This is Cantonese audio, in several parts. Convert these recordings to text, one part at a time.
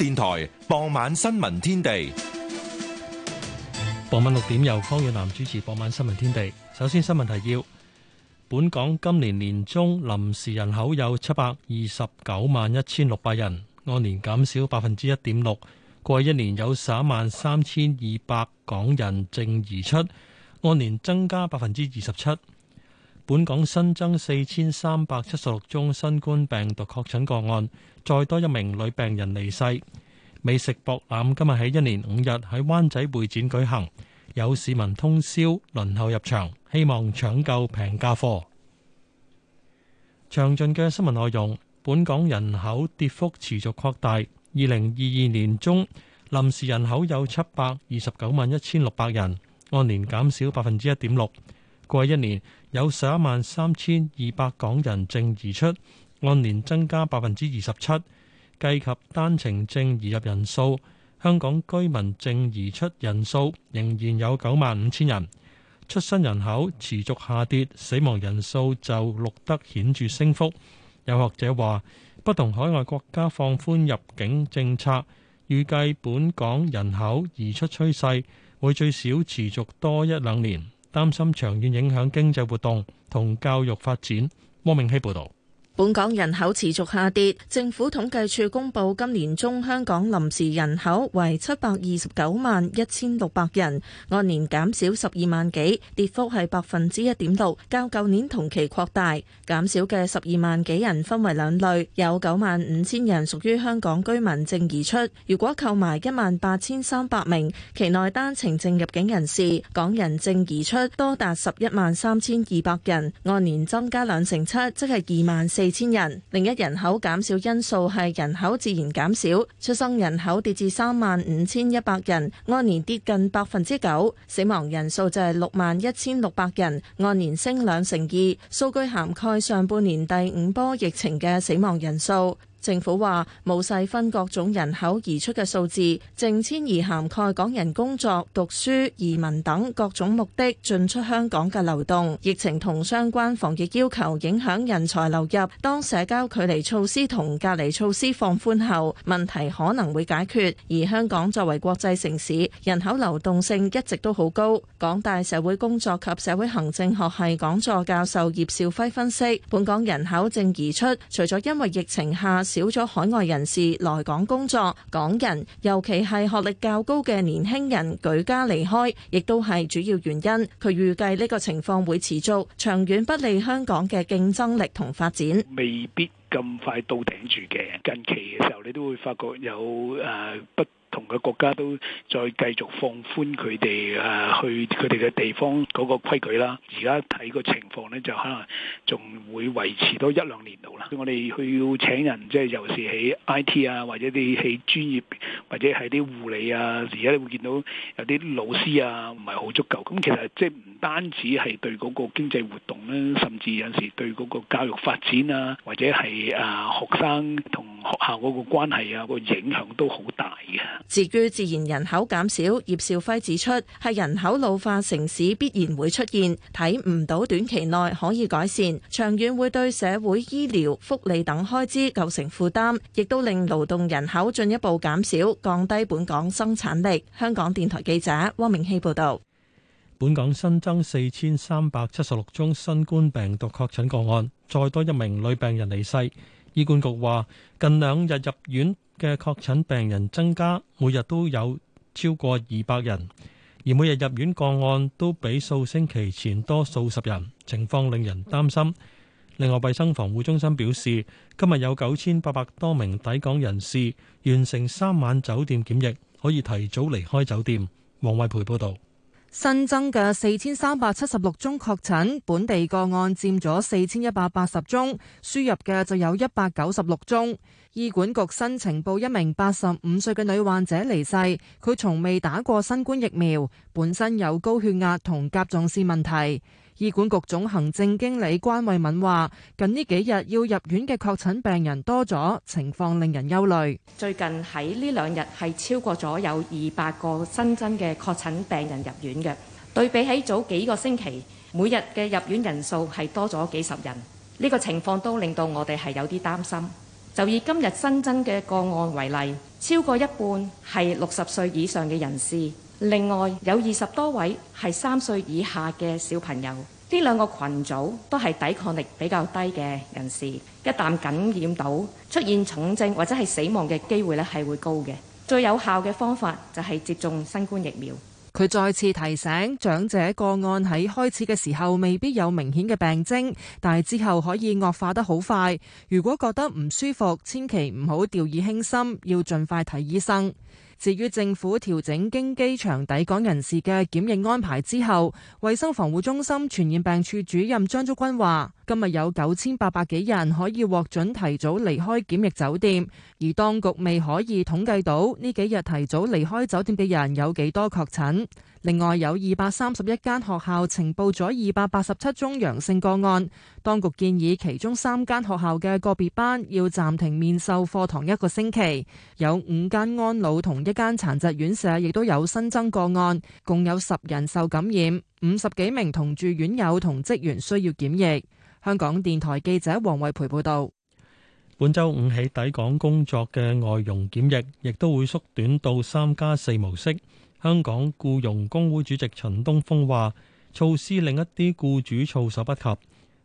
電台傍晚新聞天地，傍晚六點由方遠南主持。傍晚新聞天地，首先新聞提要：本港今年年中臨時人口有七百二十九萬一千六百人，按年減少百分之一點六。過去一年有十一萬三千二百港人淨移出，按年增加百分之二十七。本港新增四千三百七十六宗新冠病毒確診個案，再多一名女病人離世。美食博覽今日喺一年五日喺灣仔會展舉行，有市民通宵輪候入場，希望搶購平價貨。詳盡嘅新聞內容，本港人口跌幅持續擴大，二零二二年中臨時人口有七百二十九萬一千六百人，按年減少百分之一點六。過一年有十一萬三千二百港人淨移出，按年增加百分之二十七。計及單程淨移入人數，香港居民淨移出人數仍然有九萬五千人。出生人口持續下跌，死亡人數就錄得顯著升幅。有學者話，不同海外國家放寬入境政策，預計本港人口移出趨勢會最少持續多一兩年。擔心長遠影響經濟活動同教育發展。汪明希報導。本港人口持續下跌，政府統計處公布今年中香港臨時人口為七百二十九萬一千六百人，按年減少十二萬幾，跌幅係百分之一點六，較舊年同期擴大。減少嘅十二萬幾人分為兩類，有九萬五千人屬於香港居民淨移出。如果扣埋一萬八千三百名期內單程證入境人士，港人淨移出多達十一萬三千二百人，按年增加兩成七，即係二萬四千人，另一人口減少因素係人口自然減少，出生人口跌至三萬五千一百人，按年跌近百分之九；死亡人數就係六萬一千六百人，按年升兩成二。數據涵蓋上半年第五波疫情嘅死亡人數。政府話冇細分各種人口移出嘅數字，淨遷移涵蓋港人工作、讀書、移民等各種目的進出香港嘅流動。疫情同相關防疫要求影響人才流入，當社交距離措施同隔離措施放寬後，問題可能會解決。而香港作為國際城市，人口流動性一直都好高。港大社會工作及社會行政學系講座教授葉兆輝分析，本港人口淨移出，除咗因為疫情下，少咗海外人士來港工作，港人尤其係學歷較高嘅年輕人舉家離開，亦都係主要原因。佢預計呢個情況會持續，長遠不利香港嘅競爭力同發展。未必咁快到頂住嘅，近期嘅時候你都會發覺有誒不。同個國家都再繼續放寬佢哋誒去佢哋嘅地方嗰個規矩啦。而家睇個情況咧，就可能仲會維持多一兩年度啦。我哋去要請人，即係尤其喺 I T 啊，或者啲喺專業或者係啲護理啊，而家你會見到有啲老師啊唔係好足夠。咁其實即係唔單止係對嗰個經濟活動咧，甚至有時對嗰個教育發展啊，或者係誒、啊、學生同學校嗰個關係啊，個影響都好大嘅。.至於自，自然人口減少，葉兆輝指出係人口老化城市必然會出現，睇唔到短期內可以改善，長遠會對社會醫療福利等開支構成負擔，亦都令勞動人口進一步減少，降低本港生產力。香港電台記者汪明熙報道。本港新增四千三百七十六宗新冠病毒確診個案，再多一名女病人離世。醫管局話：近兩日入院嘅確診病人增加，每日都有超過二百人，而每日入院個案都比數星期前多數十人，情況令人擔心。另外，衞生防護中心表示，今日有九千八百多名抵港人士完成三晚酒店檢疫，可以提早離開酒店。王惠培報導。新增嘅四千三百七十六宗確診，本地個案佔咗四千一百八十宗，輸入嘅就有一百九十六宗。醫管局新呈報，一名八十五歲嘅女患者離世，佢從未打過新冠疫苗，本身有高血壓同甲狀腺問題。醫管局總行政經理關慧敏話，近呢幾日要入院嘅確診病人多咗，情況令人憂慮。最近喺呢兩日係超過咗有二百個新增嘅確診病人入院嘅，對比起早幾個星期，每日嘅入院人數係多咗幾十人，呢個情況都令到我哋係有啲擔心。就以今日新增嘅個案為例，超過一半係六十歲以上嘅人士。另外有二十多位係三歲以下嘅小朋友，呢兩個群組都係抵抗力比較低嘅人士，一旦感染到出現重症或者係死亡嘅機會呢係會高嘅。最有效嘅方法就係接種新冠疫苗。佢再次提醒長者個案喺開始嘅時候未必有明顯嘅病徵，但係之後可以惡化得好快。如果覺得唔舒服，千祈唔好掉以輕心，要盡快睇醫生。至於政府調整經機場抵港人士嘅檢疫安排之後，衛生防護中心傳染病處主任張竹君話，今日有九千八百幾人可以獲准提早離開檢疫酒店，而當局未可以統計到呢幾日提早離開酒店嘅人有幾多確診。另外有二百三十一間學校呈報咗二百八十七宗陽性個案，當局建議其中三間學校嘅個別班要暫停面授課堂一個星期。有五間安老同一間殘疾院舍亦都有新增個案，共有十人受感染，五十幾名同住院友同職員需要檢疫。香港電台記者黃惠培報道，本周五起抵港工作嘅外傭檢疫亦都會縮短到三加四模式。香港雇傭工會主席陳東峰話，措施令一啲雇主措手不及，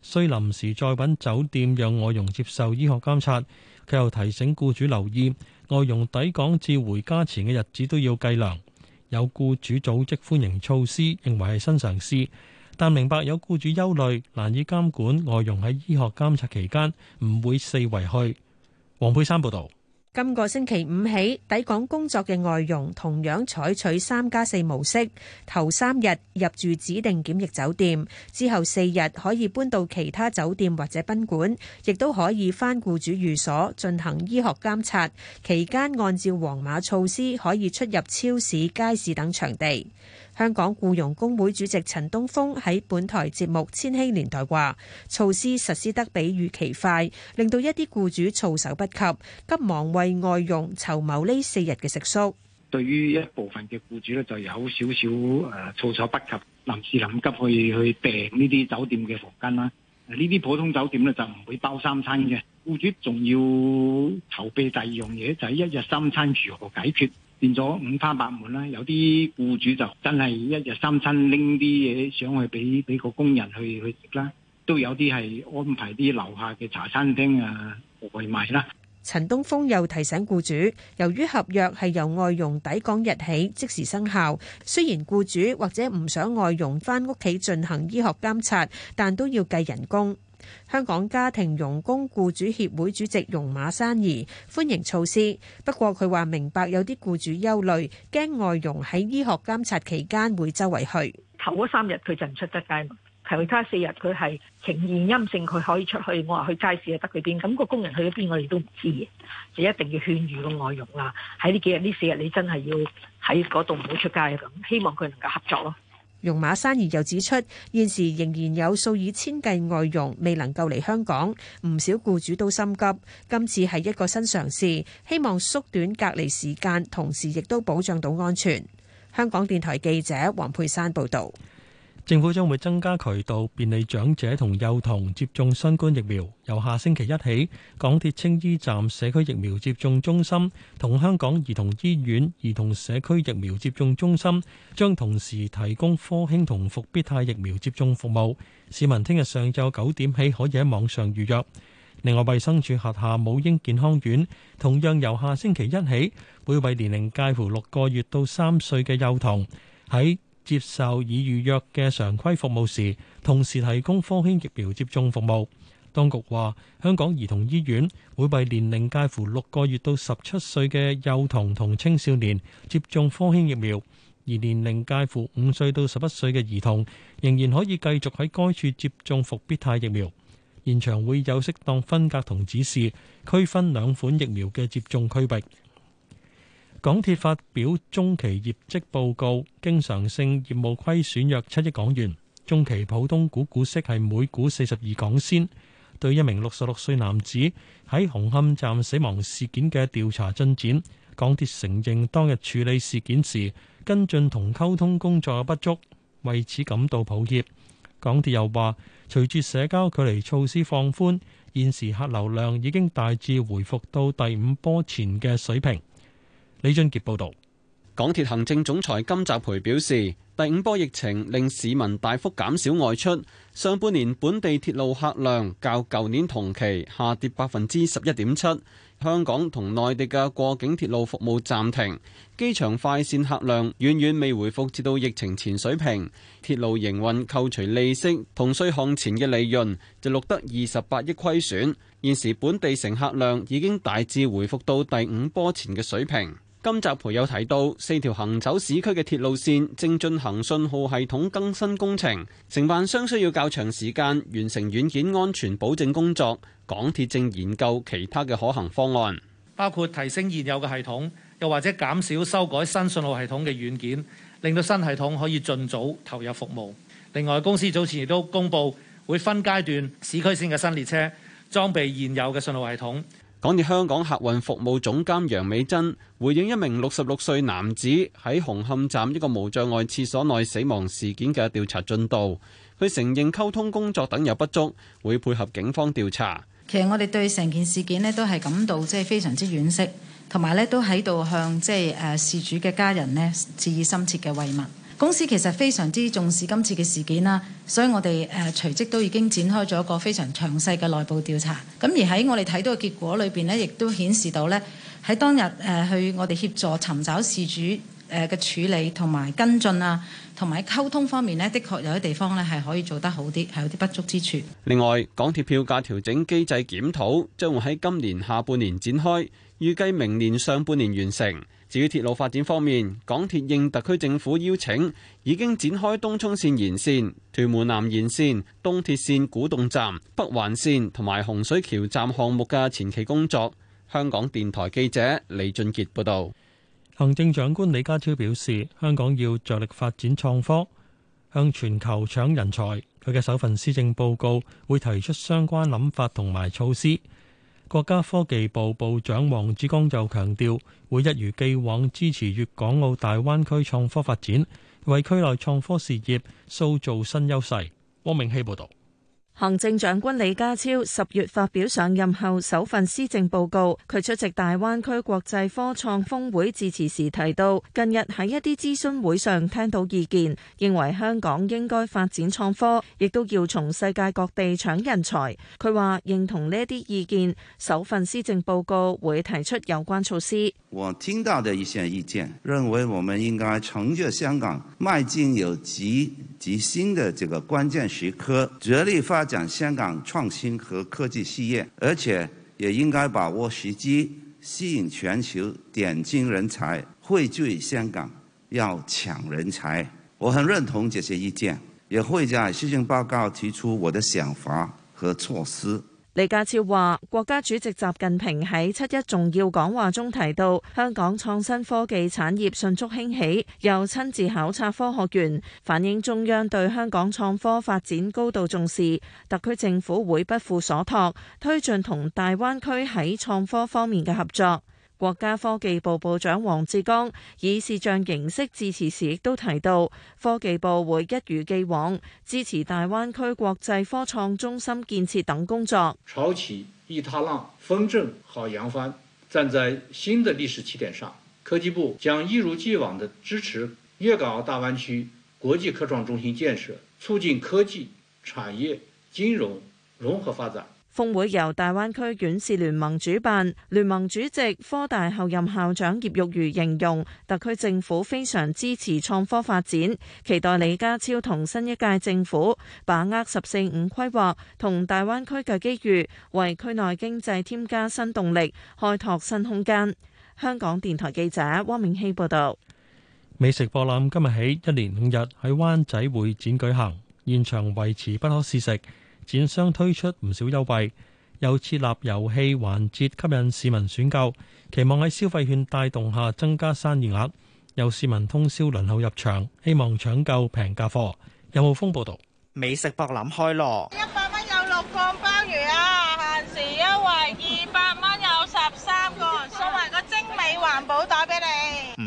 需臨時再揾酒店讓外傭接受醫學監察。佢又提醒雇主留意，外傭抵港至回家前嘅日子都要計量。有雇主組織歡迎措施，認為係新嘗試，但明白有雇主憂慮，難以監管外傭喺醫學監察期間唔會四圍去。黃佩珊報道。今個星期五起，抵港工作嘅外傭同樣採取三加四模式，頭三日入住指定檢疫酒店，之後四日可以搬到其他酒店或者賓館，亦都可以返雇主寓所進行醫學監察，期間按照黃碼措施可以出入超市、街市等場地。香港僱傭工會主席陳東風喺本台節目千禧年代話，措施實施得比預期快，令到一啲僱主措手不及，急忙為外傭籌謀呢四日嘅食宿。對於一部分嘅僱主咧，就有少少誒措手不及，臨時臨急去去訂呢啲酒店嘅房間啦。呢啲普通酒店咧就唔會包三餐嘅，僱主仲要籌備第二樣嘢，就係一日三餐如何解決。變咗五花八門啦，有啲僱主就真係一日三餐拎啲嘢上去俾俾個工人去去食啦，都有啲係安排啲樓下嘅茶餐廳啊外賣啦。陳東峰又提醒僱主，由於合約係由外傭抵港日起即時生效，雖然僱主或者唔想外傭返屋企進行醫學監察，但都要計人工。香港家庭傭工僱主協會主席容馬珊兒歡迎措施，不過佢話明白有啲僱主憂慮，驚外傭喺醫學監察期間會周圍去。頭嗰三日佢就唔出得街，其他四日佢係呈現陰性，佢可以出去。我話去街市啊，得佢邊？咁個工人去咗邊，我哋都唔知嘅，就一定要勸喻個外傭啦。喺呢幾日呢四日，你真係要喺嗰度唔好出街咁，希望佢能夠合作咯。容馬珊兒又指出，現時仍然有數以千計外傭未能夠嚟香港，唔少雇主都心急。今次係一個新嘗試，希望縮短隔離時間，同時亦都保障到安全。香港電台記者黃佩珊報道。政府將會增加渠道，便利長者同幼童接種新冠疫苗。由下星期一起，港鐵青衣站社區疫苗接種中心同香港兒童醫院兒童社區疫苗接種中心將同時提供科興同復必泰疫苗接種服務。市民聽日上晝九點起可以喺網上預約。另外，衛生署轄下母嬰健康院同樣由下星期一起，會為年齡介乎六個月到三歲嘅幼童喺。接受已預約嘅常規服務時，同時提供科興疫苗接種服務。當局話香港兒童醫院會為年齡介乎六個月到十七歲嘅幼童同青少年接種科興疫苗，而年齡介乎五歲到十一歲嘅兒童仍然可以繼續喺該處接種復必泰疫苗。現場會有適當分隔同指示，區分兩款疫苗嘅接種區域。港鐵發表中期業績報告，經常性業務虧損約七億港元。中期普通股股息係每股四十二港仙。對一名六十六歲男子喺紅磡站死亡事件嘅調查進展，港鐵承認當日處理事件時跟進同溝通工作嘅不足，為此感到抱歉。港鐵又話，隨住社交距離措施放寬，現時客流量已經大致回復到第五波前嘅水平。李俊傑報道，港鐵行政總裁金澤培表示，第五波疫情令市民大幅減少外出，上半年本地鐵路客量較舊年同期下跌百分之十一點七。香港同內地嘅過境鐵路服務暫停，機場快線客量遠遠遠未回復至到疫情前水平。鐵路營運扣除利息同稅項前嘅利潤就錄得二十八億虧損。現時本地乘客量已經大致回復到第五波前嘅水平。今集培友提到，四條行走市區嘅鐵路線正進行信號系統更新工程，承辦商需要較長時間完成軟件安全保證工作。港鐵正研究其他嘅可行方案，包括提升現有嘅系統，又或者減少修改新信號系統嘅軟件，令到新系統可以盡早投入服務。另外，公司早前亦都公布會分階段市區線嘅新列車裝備現有嘅信號系統。港鐵香港客運服務總監楊美珍回應一名六十六歲男子喺紅磡站一個無障礙廁所內死亡事件嘅調查進度，佢承認溝通工作等有不足，會配合警方調查。其實我哋對成件事件呢都係感到即係非常之惋惜，同埋呢都喺度向即係誒事主嘅家人呢致以深切嘅慰問。公司其實非常之重視今次嘅事件啦，所以我哋誒隨即都已經展開咗一個非常詳細嘅內部調查。咁而喺我哋睇到嘅結果裏邊呢，亦都顯示到呢，喺當日誒去我哋協助尋找事主誒嘅處理同埋跟進啊，同埋溝通方面呢，的確有啲地方呢係可以做得好啲，係有啲不足之處。另外，港鐵票價調整機制檢討將會喺今年下半年展開，預計明年上半年完成。至於鐵路發展方面，港鐵應特區政府邀請，已經展開東涌線延線、屯門南延線、東鐵線古洞站、北環線同埋洪水橋站項目嘅前期工作。香港電台記者李俊傑報道。行政長官李家超表示，香港要着力發展創科，向全球搶人才。佢嘅首份施政報告會提出相關諗法同埋措施。國家科技部部長王志剛就強調，會一如既往支持粵港澳大灣區創科發展，為區內創科事業塑造新優勢。汪明希報導。行政長官李家超十月發表上任後首份施政報告，佢出席大灣區國際科創峰會致辭時提到，近日喺一啲諮詢會上聽到意見，認為香港應該發展創科，亦都要從世界各地搶人才。佢話認同呢啲意見，首份施政報告會提出有關措施。我聽到的一些意見，認為我們應該乘着香港邁進有極極新的這個關鍵時刻，着力發。發展香港創新和科技事業，而且也應該把握時機，吸引全球頂尖人才匯聚香港，要搶人才。我很認同這些意見，也會在施政報告提出我的想法和措施。李家超話：國家主席習近平喺七一重要講話中提到，香港創新科技產業迅速興起，又親自考察科學園，反映中央對香港創科發展高度重視。特區政府會不負所託，推進同大灣區喺創科方面嘅合作。國家科技部部長王志剛以視像形式致辭時亦都提到，科技部會一如既往支持大灣區國際科創中心建設等工作。潮起一踏浪，風正好揚帆。站在新的歷史起點上，科技部將一如既往的支持粵港澳大灣區國際科創中心建設，促進科技、產業、金融融合發展。峰會由大灣區院士聯盟主辦，聯盟主席科大後任校長葉玉如形容，特區政府非常支持創科發展，期待李家超同新一屆政府把握十四五規劃同大灣區嘅機遇，為區內經濟添加新動力，開拓新空間。香港電台記者汪明熙報道。美食博覽今日起一連五日喺灣仔會展舉行，現場維持不可試食。展商推出唔少優惠，又設立遊戲環節吸引市民選購，期望喺消費券帶動下增加生意額。有市民通宵輪候入場，希望搶購平價貨。任浩峯報導。美食博覽開鑼，一百蚊有六個鮑魚啊！限時優惠，二百蚊有十三個，送埋個精美環保袋俾你。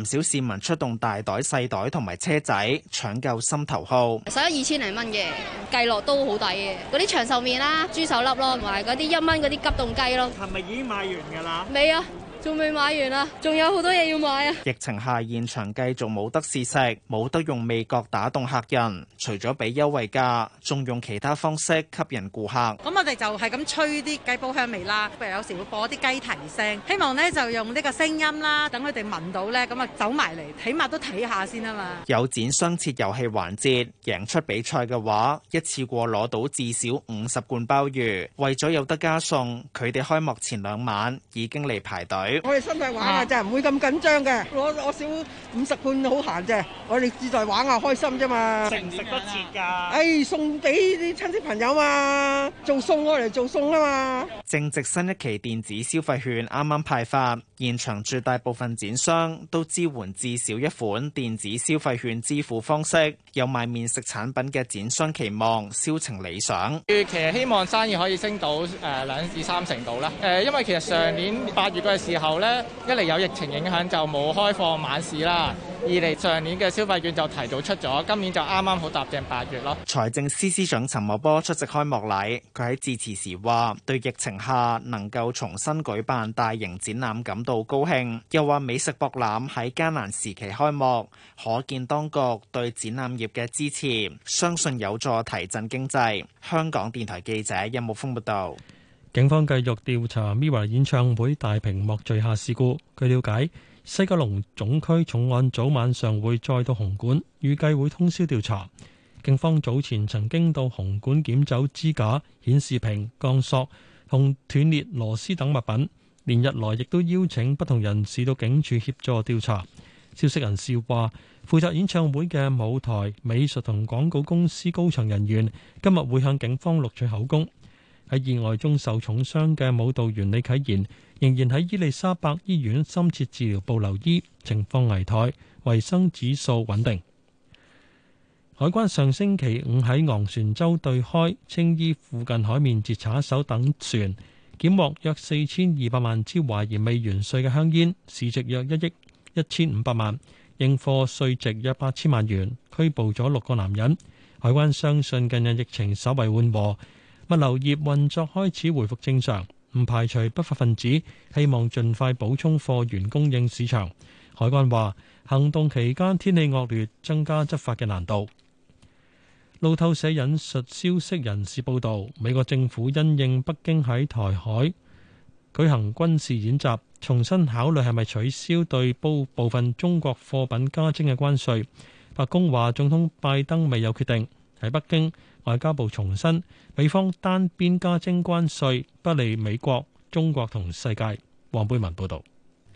小市民出動大袋細袋同埋車仔搶救心頭好，使咗二千零蚊嘅，計落都好抵嘅。嗰啲長壽麵啦、豬手粒咯，同埋嗰啲一蚊嗰啲急凍雞咯，係咪已經買完㗎喇？未啊！仲未買完啊，仲有好多嘢要買啊！疫情下現場繼續冇得試食，冇得用味覺打動客人，除咗俾優惠價，仲用其他方式吸引顧客。咁我哋就係咁吹啲雞煲香味啦，譬如有時會播啲雞啼聲，希望呢就用呢個聲音啦，等佢哋聞到呢。咁啊走埋嚟，起碼都睇下先啊嘛。有展商設遊戲環節，贏出比賽嘅話，一次過攞到至少五十罐鮑魚。為咗有得加送，佢哋開幕前兩晚已經嚟排隊。我哋身在玩下啊，就唔會咁緊張嘅。攞攞少五十半好閒啫。我哋自在玩啊，開心啫嘛。食唔食得切㗎？誒、哎，送俾啲親戚朋友嘛，做餸我嚟做餸啊嘛。正值新一期電子消費券啱啱派發，現場絕大部分展商都支援至少一款電子消費券支付方式。有賣麵食產品嘅展商期望銷情理想，預期希望生意可以升到誒兩、呃、至三成度啦。誒、呃，因為其實上年八月嘅時候呢，一嚟有疫情影響就冇開放晚市啦；二嚟上年嘅消費券就提早出咗，今年就啱啱好搭正八月咯。財政司司長陳茂波出席開幕禮，佢喺致辭時話：對疫情下能夠重新舉辦大型展覽感到高興，又話美食博覽喺艱難時期開幕，可見當局對展覽業嘅支持，相信有助提振經濟。香港電台記者任木峰報道。警方繼續調查 MIRROR 演唱會大屏幕墜下事故。據了解，西九龍總區重案早晚上會再到紅館，預計會通宵調查。警方早前曾經到紅館檢走支架、顯示屏、鋼索、同斷裂螺絲等物品。連日來亦都邀請不同人士到警署協助調查。消息人士話，負責演唱會嘅舞台美術同廣告公司高層人員今日會向警方錄取口供。喺意外中受重傷嘅舞蹈員李啟賢仍然喺伊利沙伯醫院深切治療部留醫，情況危殆，維生指數穩定。海關上星期五喺昂船洲對開青衣附近海面截查一艘躉船，檢獲約四千二百萬支懷疑未完稅嘅香煙，市值約一億一千五百萬。應貨稅值約八千萬元，拘捕咗六個男人。海關相信近日疫情稍為緩和，物流業運作開始回復正常，唔排除不法分子希望盡快補充貨源供應市場。海關話行動期間天氣惡劣，增加執法嘅難度。路透社引述消息人士報道，美國政府因應北京喺台海舉行軍事演習。重新考慮係咪取消對部分中國貨品加徵嘅關稅？白宮話總統拜登未有決定。喺北京，外交部重申美方單邊加徵關稅，不利美國、中國同世界。黃貝文報導。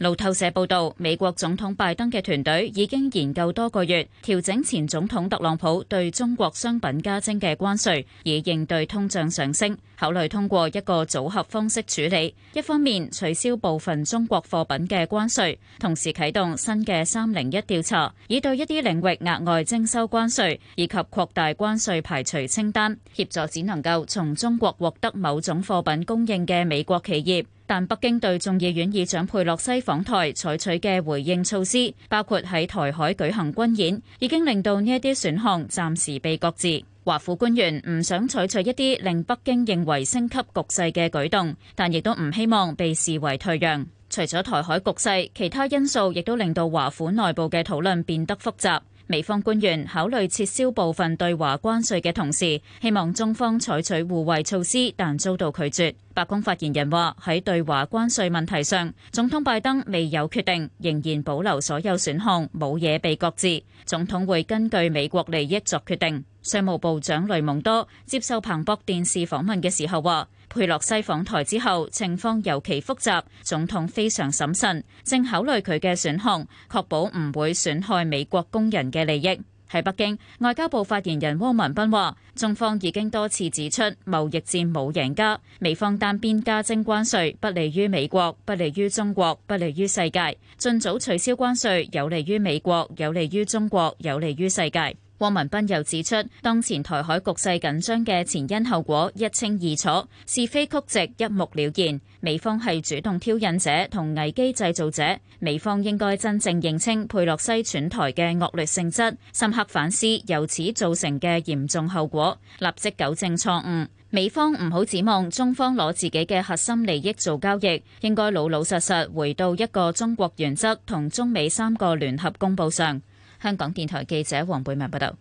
路透社報道，美國總統拜登嘅團隊已經研究多個月，調整前總統特朗普對中國商品加徵嘅關稅，以應對通脹上升。考慮通過一個組合方式處理，一方面取消部分中國貨品嘅關稅，同時啟動新嘅三零一調查，以對一啲領域額外徵收關稅，以及擴大關稅排除清單，協助只能夠從中國獲得某種貨品供應嘅美國企業。但北京對眾議院議長佩洛西訪台採取嘅回應措施，包括喺台海舉行軍演，已經令到呢一啲選項暫時被擱置。華府官員唔想採取，取一啲令北京認為升級局勢嘅舉動，但亦都唔希望被視為退讓。除咗台海局勢，其他因素亦都令到華府內部嘅討論變得複雜。美方官員考慮撤銷部分對華關稅嘅同時，希望中方採取互惠措施，但遭到拒絕。白宮發言人話，喺對華關稅問題上，總統拜登未有決定，仍然保留所有選項，冇嘢被擱置。總統會根據美國利益作決定。商務部長雷蒙多接受彭博電視訪問嘅時候話。佩洛西訪台之後，情況尤其複雜，總統非常審慎，正考慮佢嘅選項，確保唔會損害美國工人嘅利益。喺北京，外交部發言人汪文斌話：中方已經多次指出，貿易戰冇贏家，美方單邊加徵關稅不利於美國，不利於中國，不利於世界。盡早取消關稅有利於美國，有利於中國，有利於世界。汪文斌又指出，當前台海局勢緊張嘅前因後果一清二楚，是非曲直一目了然。美方係主動挑釁者同危機製造者，美方應該真正認清佩洛西竄台嘅惡劣性質，深刻反思由此造成嘅嚴重後果，立即糾正錯誤。美方唔好指望中方攞自己嘅核心利益做交易，應該老老實實回到一個中國原則同中美三個聯合公報上。香港電台記者黃貝文報道：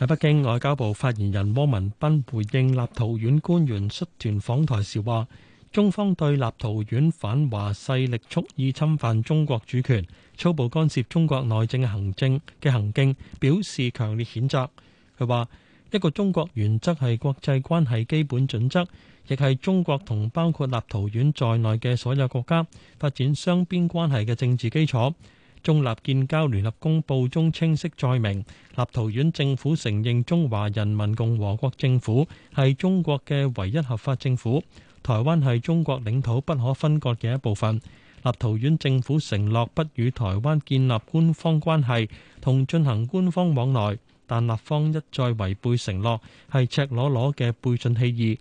喺北京，外交部發言人汪文斌回應立陶宛官員率團訪台時話，中方對立陶宛反華勢力蓄意侵犯中國主權、粗暴干涉中國內政行政嘅行徑表示強烈譴責。佢話，一個中國原則係國際關係基本準則，亦係中國同包括立陶宛在內嘅所有國家發展雙邊關係嘅政治基礎。中立建交聯合公報中清晰載明，立陶宛政府承認中華人民共和國政府係中國嘅唯一合法政府，台灣係中國領土不可分割嘅一部分。立陶宛政府承諾不與台灣建立官方關係同進行官方往來，但立方一再違背承諾，係赤裸裸嘅背信棄義。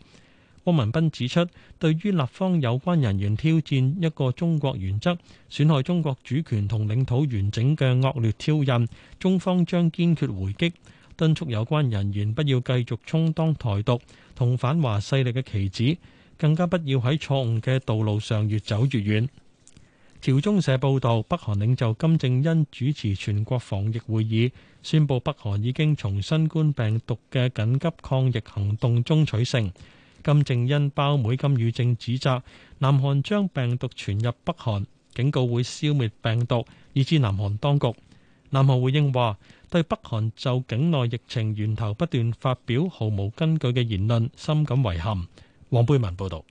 汪文斌指出，對於立方有關人員挑戰一個中國原則、損害中國主權同領土完整嘅惡劣挑釁，中方將堅決回擊，敦促有關人員不要繼續充當台獨同反華勢力嘅棋子，更加不要喺錯誤嘅道路上越走越遠。朝中社報導，北韓領袖金正恩主持全國防疫會議，宣布北韓已經從新冠病毒嘅緊急抗疫行動中取勝。金正恩胞妹金與正指責南韓將病毒傳入北韓，警告會消滅病毒，以至南韓當局。南韓回應話，對北韓就境內疫情源頭不斷發表毫無根據嘅言論，深感遺憾。黃貝文報道。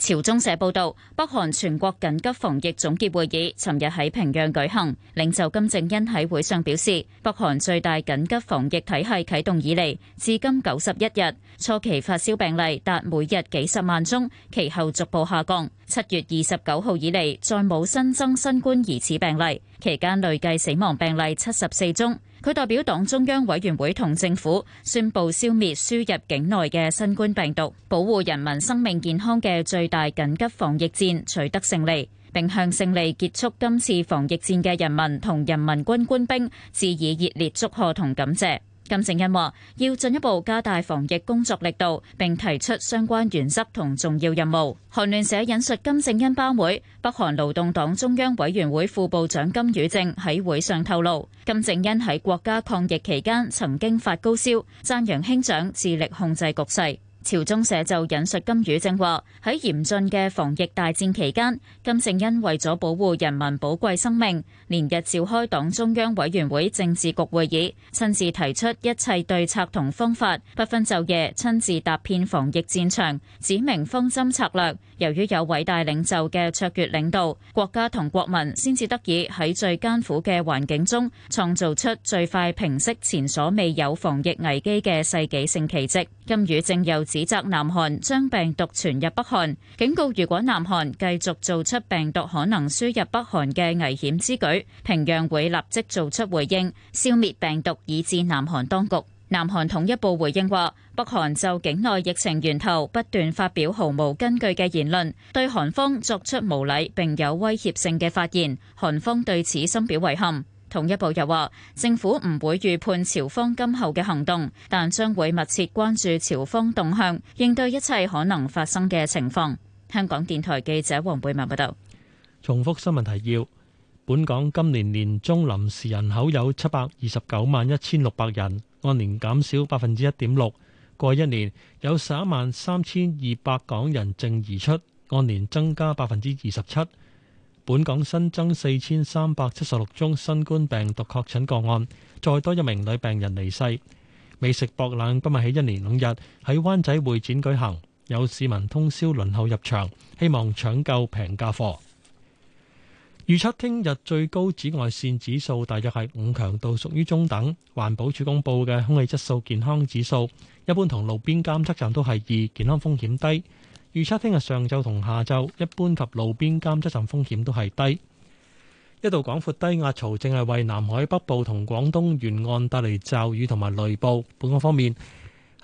朝中社報道，北韓全國緊急防疫總結會議尋日喺平壤舉行。領袖金正恩喺會上表示，北韓最大緊急防疫體系啟動以嚟，至今九十一日，初期發燒病例達每日幾十萬宗，其後逐步下降。七月二十九號以嚟，再冇新增新冠疑似病例，期間累計死亡病例七十四宗。佢代表黨中央委員會同政府宣布，消滅輸入境內嘅新冠病毒，保護人民生命健康嘅最大緊急防疫戰取得勝利，並向勝利結束今次防疫戰嘅人民同人民軍官兵致以熱烈祝賀同感謝。金正恩話：要進一步加大防疫工作力度，並提出相關原則同重要任務。韓聯社引述金正恩胞妹，北韓勞動黨中央委員會副部長金與正喺會上透露，金正恩喺國家抗疫期間曾經發高燒，讚揚兄長致力控制局勢。朝中社就引述金與正話：喺嚴峻嘅防疫大戰期間，金正恩為咗保護人民寶貴生命，連日召開黨中央委員會政治局會議，親自提出一切對策同方法，不分晝夜親自踏遍防疫戰場，指明方針策略。由於有偉大領袖嘅卓越領導，國家同國民先至得以喺最艱苦嘅環境中創造出最快平息前所未有防疫危機嘅世紀性奇蹟。金與正又指責南韓將病毒傳入北韓，警告如果南韓繼續做出病毒可能輸入北韓嘅危險之舉，平壤會立即做出回應，消滅病毒以至南韓當局。南韓統一部回應話，北韓就境內疫情源頭不斷發表毫無根據嘅言論，對韓方作出無禮並有威脅性嘅發言，韓方對此深表遺憾。統一部又話，政府唔會預判朝方今後嘅行動，但將會密切關注朝方動向，應對一切可能發生嘅情況。香港電台記者黃貝文報道。重複新聞提要：本港今年年中臨時人口有七百二十九萬一千六百人。按年減少百分之一點六，過一年有十一萬三千二百港人淨移出，按年增加百分之二十七。本港新增四千三百七十六宗新冠病毒確診個案，再多一名女病人離世。美食博覽今日起一年五日喺灣仔會展舉行，有市民通宵輪候入場，希望搶購平價貨。預測聽日最高紫外線指數大約係五強度，屬於中等。環保署公布嘅空氣質素健康指數，一般同路邊監測站都係二，健康風險低。預測聽日上晝同下晝，一般及路邊監測站風險都係低。一道廣闊低壓槽正係為南海北部同廣東沿岸帶嚟驟雨同埋雷暴。本港方面，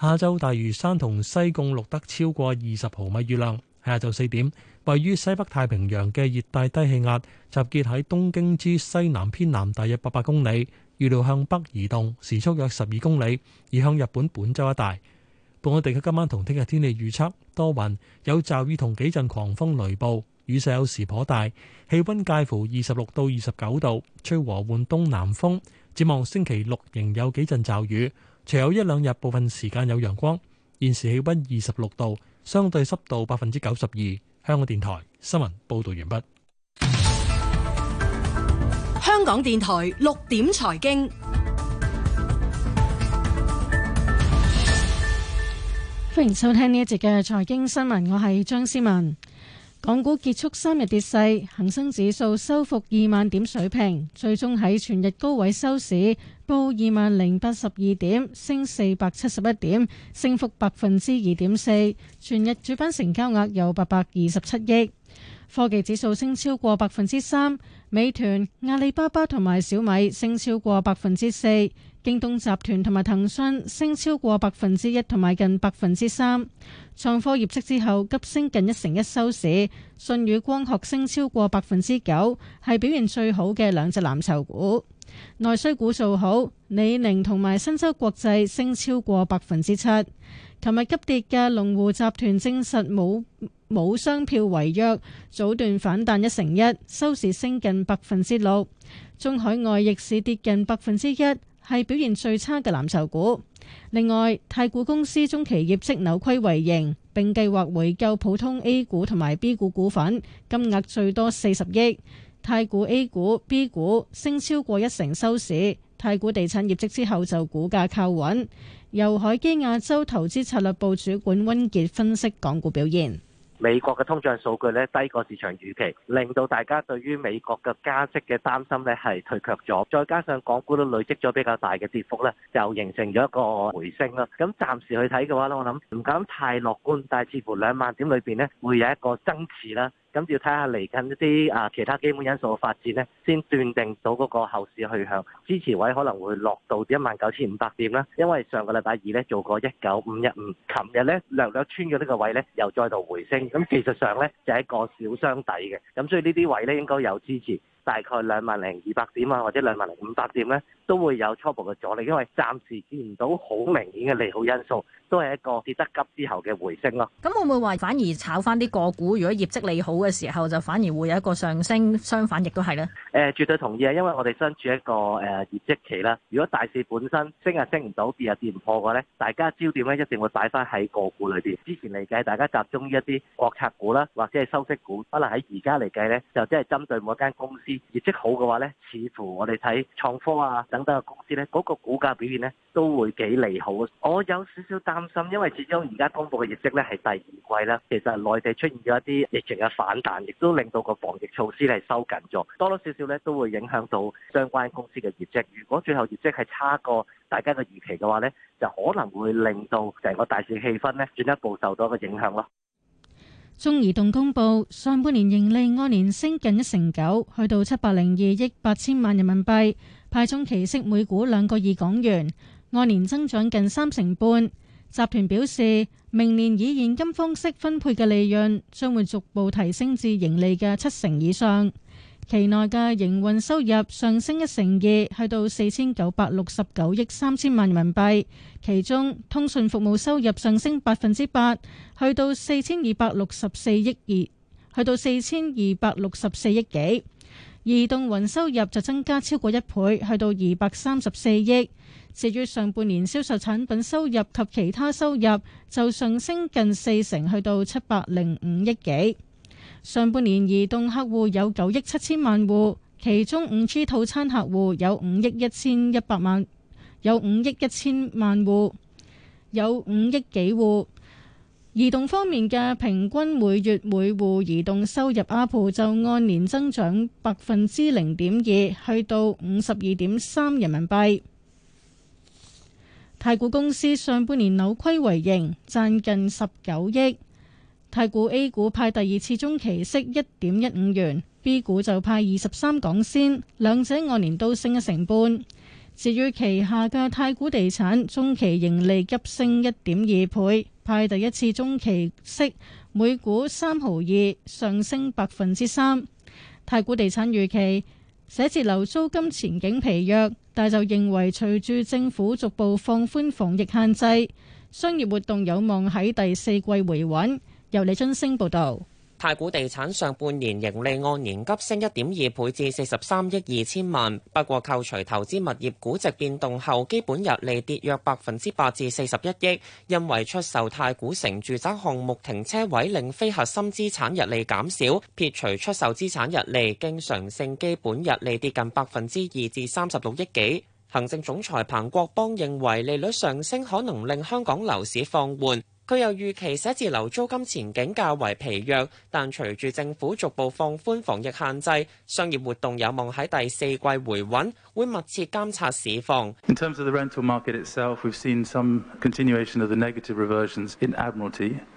下晝大嶼山同西貢錄得超過二十毫米雨量。下晝四點。位於西北太平洋嘅熱帶低氣壓集結喺東京之西南偏南大約八百公里，預料向北移動，時速約十二公里，移向日本本州一帶。本港地區今晚同聽日天氣預測多雲，有驟雨同幾陣狂風雷暴，雨勢有時頗大，氣溫介乎二十六到二十九度，吹和緩東南風。展望星期六仍有幾陣驟雨，除有一兩日部分時間有陽光。現時氣溫二十六度，相對濕度百分之九十二。香港電台新聞報道完畢。香港電台六點財經，歡迎收聽呢一節嘅財經新聞，我係張思文。港股結束三日跌勢，恒生指數收復二萬點水平，最終喺全日高位收市，報二萬零八十二點，升四百七十一點，升幅百分之二點四。全日主板成交額有八百二十七億，科技指數升超過百分之三，美團、阿里巴巴同埋小米升超過百分之四。京東集團同埋騰訊升超過百分之一，同埋近百分之三。創科業績之後急升近一成一收市。舜宇光學升超過百分之九，係表現最好嘅兩隻藍籌股。內需股做好，李寧同埋申洲國際升超過百分之七。琴日急跌嘅龍湖集團證實冇冇商票違約，早段反彈一成一，收市升近百分之六。中海外逆市跌近百分之一。係表現最差嘅藍籌股。另外，太古公司中期業績扭虧為盈，並計劃回購普通 A 股同埋 B 股股份，金額最多四十億。太古 A 股、B 股升超過一成收市。太古地產業績之後就股價靠穩。由海基亞洲投資策略部主管溫杰分，分析港股表現。美國嘅通脹數據咧低過市場預期，令到大家對於美國嘅加息嘅擔心咧係退卻咗，再加上港股都累積咗比較大嘅跌幅咧，就形成咗一個回升啦。咁暫時去睇嘅話咧，我諗唔敢太樂觀，但係似乎兩萬點裏邊咧會有一個爭持啦。咁要睇下嚟緊一啲啊，其他基本因素嘅發展咧，先斷定到嗰個後市去向。支持位可能會落到一萬九千五百點啦，因為上個禮拜二咧做過一九五一五，琴日咧略略穿咗呢個位咧，又再度回升。咁技術上咧就係一個小雙底嘅，咁所以呢啲位咧應該有支持。大概兩萬零二百點啊，或者兩萬零五百點咧、啊，都會有初步嘅阻力，因為暫時見唔到好明顯嘅利好因素，都係一個跌得急之後嘅回升咯、啊。咁會唔會話反而炒翻啲個股？如果業績利好嘅時候，就反而會有一個上升，相反亦都係咧？誒、呃，絕對同意啊！因為我哋身處一個誒、呃、業績期啦，如果大市本身升啊升唔到，跌啊跌唔破嘅話咧，大家焦點咧一定會擺翻喺個股裏邊。之前嚟計，大家集中於一啲國策股啦，或者係收息股，可能喺而家嚟計咧，就即係針對某間公司。業績好嘅話呢，似乎我哋睇創科啊等等嘅公司呢，嗰個股價表現呢都會幾利好。我有少少擔心，因為始終而家公布嘅業績呢係第二季啦，其實內地出現咗一啲疫情嘅反彈，亦都令到個防疫措施係收緊咗，多多少少呢都會影響到相關公司嘅業績。如果最後業績係差過大家嘅預期嘅話呢，就可能會令到成個大市氣氛呢進一步受到一個影響咯。中移動公布上半年盈利按年升近一成九，去到七百零二億八千萬人民幣，派中期息每股兩個二港元，按年增長近三成半。集團表示，明年以現金方式分配嘅利潤將會逐步提升至盈利嘅七成以上。期內嘅營運收入上升一成二，去到四千九百六十九億三千萬人民幣。其中，通訊服務收入上升百分之八，去到四千二百六十四億二，去到四千二百六十四億幾。移動雲收入就增加超過一倍，去到二百三十四億。至於上半年銷售產品收入及其他收入就上升近四成 5, 000,，去到七百零五億幾。上半年，移動客戶有九億七千萬戶，其中五 G 套餐客戶有五億一千一百萬，有五億一千萬戶，有五億幾戶。移動方面嘅平均每月每戶移動收入阿普就按年增長百分之零點二，去到五十二點三人民幣。太古公司上半年扭虧為盈，賺近十九億。太古 A 股派第二次中期息一點一五元，B 股就派二十三港仙，兩者按年都升一成半。至於旗下嘅太古地產，中期盈利急升一點二倍，派第一次中期息每股三毫二，上升百分之三。太古地產預期寫字樓租金前景疲弱，但就認為隨住政府逐步放寬防疫限制，商業活動有望喺第四季回穩。由李津升，報道。太古地產上半年盈利按年急升一點二倍至四十三億二千萬，不過扣除投資物業估值變動後，基本日利跌約百分之八至四十一億，因為出售太古城住宅項目停車位令非核心資產日利減少，撇除出售資產日利，經常性基本日利跌近百分之二至三十六億幾。行政總裁彭國邦認為利率上升可能令香港樓市放緩。佢又預期寫字樓租金前景較為疲弱，但隨住政府逐步放寬防疫限制，商業活動有望喺第四季回穩，會密切監察市況。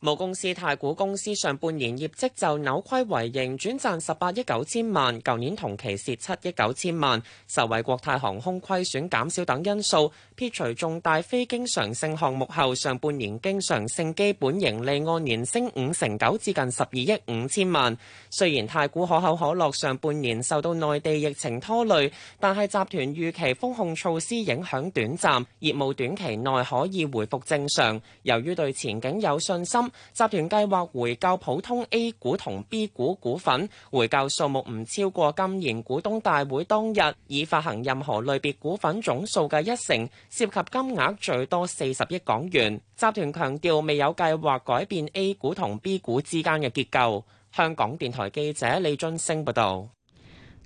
母公司太古公司上半年業績就扭虧為盈，轉賺十八億九千萬，舊年同期蝕七億九千萬，受惠國泰航空虧損減少等因素。撇除重大非經常性項目後，上半年經常性基本盈利按年升五成九至近十二億五千萬，雖然太古可口可樂上半年受到內地疫情拖累，但係集團預期封控措施影響短暫，業務短期內可以回復正常。由於對前景有信心，集團計劃回購普通 A 股同 B 股股份，回購數目唔超過今年股東大會當日已發行任何類別股份總數嘅一成，涉及金額最多四十億港元。集團強調未有計劃改變 A 股同 B 股之間嘅結構。香港電台記者李津升報道。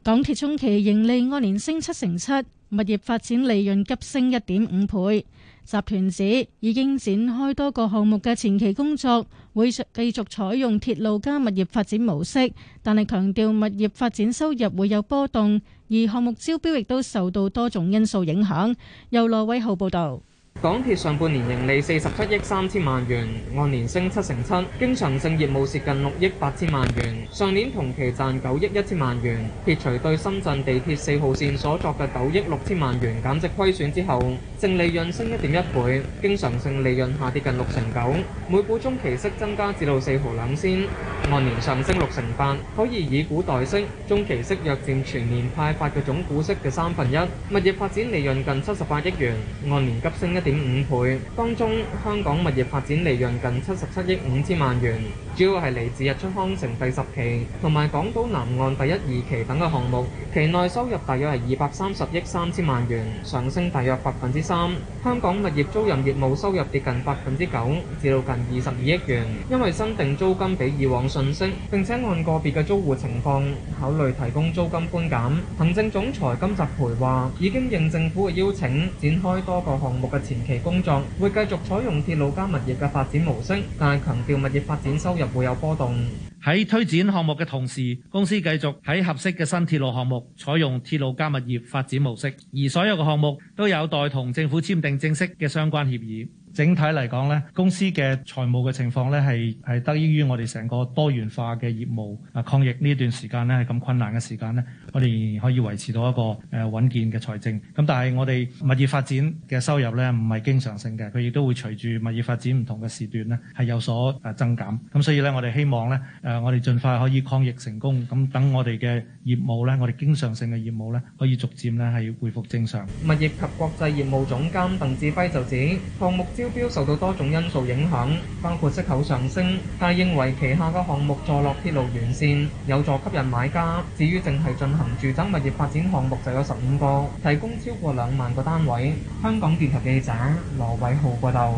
港鐵中期盈利按年升七成七，物業發展利潤急升一點五倍。集團指已經展開多個項目嘅前期工作，會繼續採用鐵路加物業發展模式，但係強調物業發展收入會有波動，而項目招標亦都受到多種因素影響。由羅偉浩報道。港鐵上半年盈利四十七億三千萬元，按年升七成七。經常性業務蝕近六億八千萬元，上年同期賺九億一千萬元。撇除對深圳地鐵四號綫所作嘅九億六千萬元減值虧損之後，淨利潤升一點一倍，經常性利潤下跌近六成九。每股中期息增加至到四毫兩仙。按年上升六成八，可以以股代息，中期息約佔全年派發嘅總股息嘅三分一。物業發展利潤近七十八億元，按年急升一點五倍。當中香港物業發展利潤近七十七億五千萬元，主要係嚟自日出康城第十期同埋港島南岸第一二期等嘅項目，期內收入大約係二百三十億三千萬元，上升大約百分之三。香港物業租賃業務收入跌近百分之九，至到近二十二億元，因為新定租金比以往。信息，並且按個別嘅租戶情況考慮提供租金寬減。行政總裁金澤培話：已經應政府嘅邀請，展開多個項目嘅前期工作，會繼續採用鐵路加物業嘅發展模式，但係強調物業發展收入會有波動。喺推展項目嘅同時，公司繼續喺合適嘅新鐵路項目採用鐵路加物業發展模式，而所有嘅項目都有待同政府簽訂正式嘅相關協議。整體嚟講呢，公司嘅財務嘅情況呢，係係得益於我哋成個多元化嘅業務。啊，抗疫呢段時間呢，係咁困難嘅時間呢，我哋仍然可以維持到一個誒穩健嘅財政。咁但係我哋物業發展嘅收入呢，唔係經常性嘅，佢亦都會隨住物業發展唔同嘅時段呢，係有所誒增減。咁所以呢，我哋希望呢，誒我哋盡快可以抗疫成功。咁等我哋嘅業務呢，我哋經常性嘅業務呢，可以逐漸呢，係要恢復正常。物業及國際業務總監鄧智輝就指項目。標標受到多種因素影響，包括息口上升。但係認為旗下嘅項目坐落鐵路沿線，有助吸引買家。至於淨係進行住宅物業發展項目就有十五個，提供超過兩萬個單位。香港電台記者羅偉浩報道。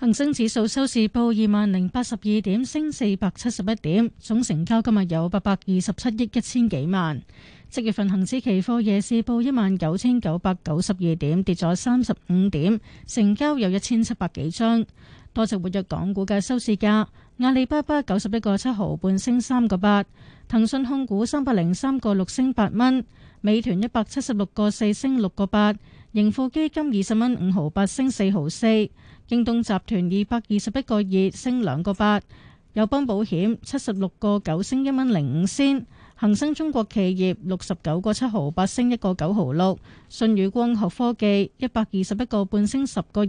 恒生指數收市報二萬零八十二點，升四百七十一點，總成交今日有八百二十七億一千幾萬。即月份恆指期貨夜市報一萬九千九百九十二點，跌咗三十五點，成交有一千七百幾張。多隻活躍港股嘅收市價：阿里巴巴九十一個七毫半升三個八，騰訊控股三百零三個六升八蚊，美團一百七十六個四升六個八，盈富基金二十蚊五毫八升四毫四，京東集團二百二十一個二升兩個八，友邦保險七十六個九升一蚊零五仙。恒生中國企業六十九個七毫八升一個九毫六，信宇光學科技一百二十一個半升十個二，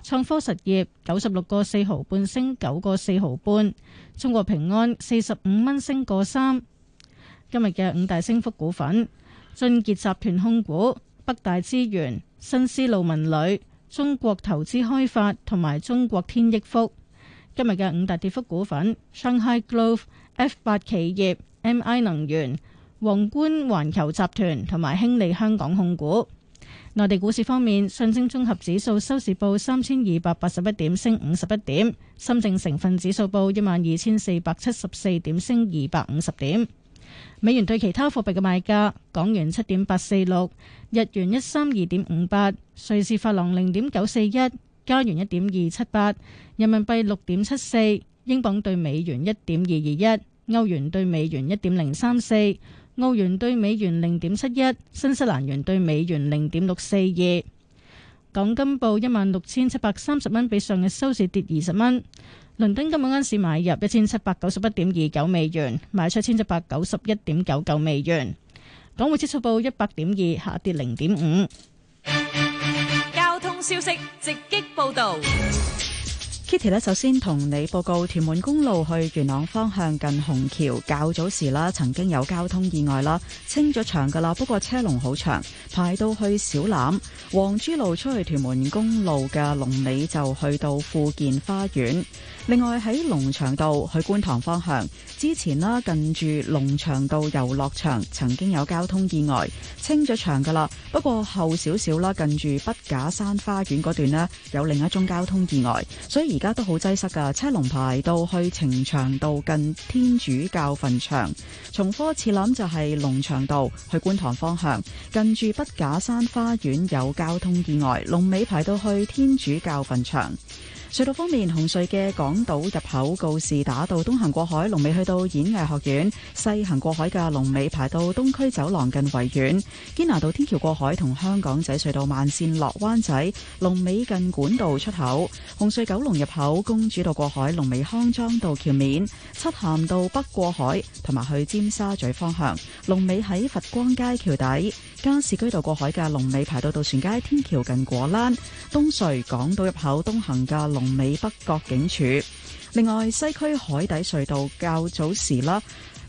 創科實業九十六個四毫半升九個四毫半，中國平安四十五蚊升個三。今日嘅五大升幅股份：俊杰集團控股、北大資源、新思路文旅、中國投資開發同埋中國天益福。今日嘅五大跌幅股份：Shanghai Glove、F 八企業。M.I 能源、皇冠環球集團同埋興利香港控股。內地股市方面，上證綜合指數收市報三千二百八十一點，升五十一點；深證成分指數報一萬二千四百七十四點，升二百五十點。美元對其他貨幣嘅賣價：港元七點八四六，日元一三二點五八，瑞士法郎零點九四一，加元一點二七八，人民幣六點七四，英鎊兌美元一點二二一。歐元兌美元一點零三四，澳元兌美元零點七一，新西蘭元兌美元零點六四二。港金報一萬六千七百三十蚊，比上日收市跌二十蚊。倫敦金每盎司買入一千七百九十一點二九美元，賣出一千七百九十一點九九美元。港匯指數報一百點二，下跌零點五。交通消息，直擊報道。Kitty 咧，首先同你報告：屯門公路去元朗方向近紅橋，較早時啦，曾經有交通意外啦，清咗場噶啦，不過車龍好長，排到去小欖黃珠路出去屯門公路嘅龍尾，就去到富健花園。另外喺龍翔道去觀塘方向之前啦，近住龍翔道遊樂場曾經有交通意外，清咗場㗎喇。不過，後少少啦，近住北假山花園嗰段呢，有另一宗交通意外，所以而家都好擠塞㗎，車龍排到去呈祥道近天主教墳場。從科士藍就係龍翔道去觀塘方向，近住北假山花園有交通意外，龍尾排到去天主教墳場。隧道方面，紅隧嘅港島入口告士打道東行過海，龍尾去到演藝學院；西行過海嘅龍尾排到東區走廊近維園。堅拿道天橋過海同香港仔隧道慢線落灣仔，龍尾近管道出口。紅隧九龍入口公主道過海，龍尾康莊道橋面；漆咸道北過海同埋去尖沙咀方向，龍尾喺佛光街橋底。加士居道過海嘅龍尾排到渡船街天橋近果欄。東隧港島入口東行嘅龍。同美北角警署，另外西區海底隧道較早時啦。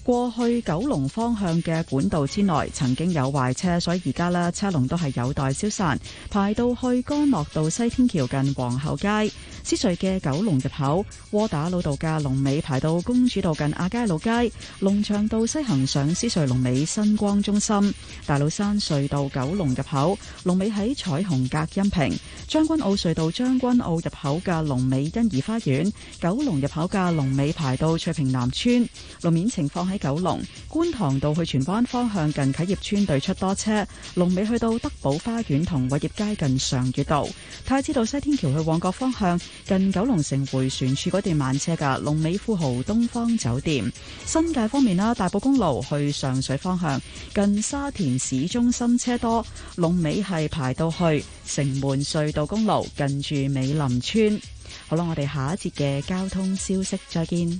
過去九龍方向嘅管道之內曾經有壞車，所以而家咧車龍都係有待消散，排到去干諾道西天橋近皇后街，獅隧嘅九龍入口，窩打老道嘅龍尾排到公主道近亞皆老街，龍翔道西行上獅隧龍尾新光中心，大老山隧道九龍入口龍尾喺彩虹隔音屏，將軍澳隧道將軍澳入口嘅龍尾欣怡花園，九龍入口嘅龍尾排到翠屏南村路面情況。喺九龍觀塘道去荃灣方向近啟業村對出多車，龍尾去到德寶花園同偉業街近上月道，太子道西天橋去旺角方向近九龍城回旋處嗰段慢車噶，龍尾富豪東方酒店。新界方面啦，大埔公路去上水方向近沙田市中心車多，龍尾係排到去城門隧道公路近住美林村。好啦，我哋下一節嘅交通消息再見。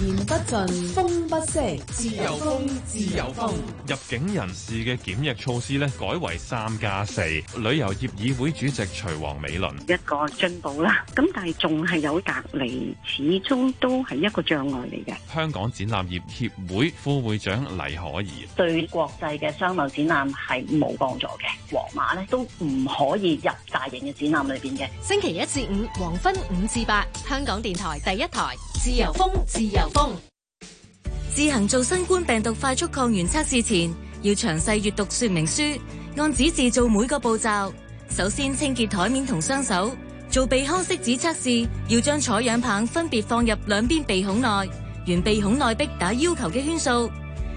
言不盡，風不息，自由風，自由風。入境人士嘅檢疫措施咧，改為三加四。旅遊業議會主席徐王美倫，一個進步啦。咁但係仲係有隔離，始終都係一個障礙嚟嘅。香港展覽業協會副會長黎可怡，對國際嘅商貿展覽係冇幫助嘅。皇馬咧都唔可以入大型嘅展覽裏邊嘅。星期一至五，黃昏五至八，香港電台第一台。自由風，自由風。自行做新冠病毒快速抗原測試前，要詳細閱讀說明書，按指示做每個步驟。首先清潔台面同雙手。做鼻腔拭子測試，要將採樣棒分別放入兩邊鼻孔內，沿鼻孔內壁打要求嘅圈數。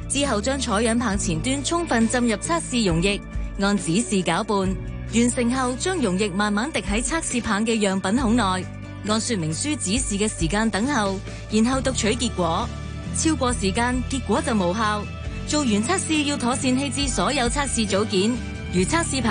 之後將採樣棒前端充分浸入測試溶液，按指示攪拌。完成後，將溶液慢慢滴喺測試棒嘅樣品孔內。按說明書指示嘅時間等候，然後讀取結果。超過時間，結果就無效。做完測試要妥善棄置所有測試組件，如測試盤。